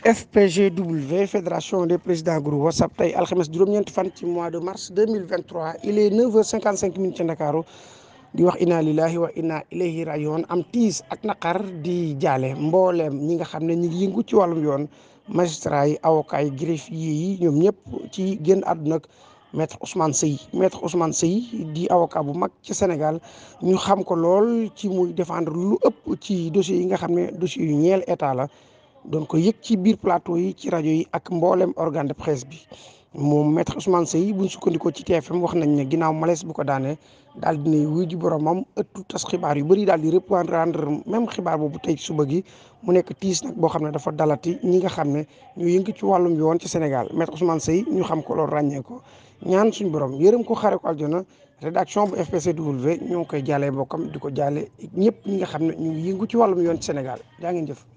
FPGW fédération des président groupe WhatsApp tey alxames juróom-ñeenti fan ci mois de mars 2023 il est 9h55 minutes ci Ndakaaru di wax inna lillahi wa inna ilayhi rajiun am tiis ak naqar di jaale mbooleem ñi nga xam ne ñi ngi yëngu ci wàllum yoon magistrat yi avocat yi greffier yi ñoom ñëpp ci génn adduna maitre maître Ousmane Seye maître sey Seye di avocat bu mag ci Sénégal ñu xam ko lool ci muy défendre lu ëpp ci dossiers yi nga xam ne dossiers yu ñeel état la doon ko yëg ci biir plateau yi ci rajo yi ak mboolem organe de presse bi moom maître Ousmane bu buñ sukkandikoo ci TFM wax nañ ne ginnaaw malaise bu ko daanee daal dinay wuy ji boromam ëttu tas xibaar yu bëri daal di reprendre rendre même xibaar boobu tey suba gi mu nekk tiis nag boo xam ne dafa dalati ñi nga xam ne ñu yëngu ci wàllum yoon ci Sénégal maître Ousmane Seye ñu xam ko loolu ràññee ko ñaan suñ borom yërëm ko xare ko aljana rédaction bu FPCW ñoo ngi koy jaalee mbokkam di ko jaale ñëpp ñi nga xam ne ñu yëngu ci wàllum yoon ci Sénégal jaa ngi jëf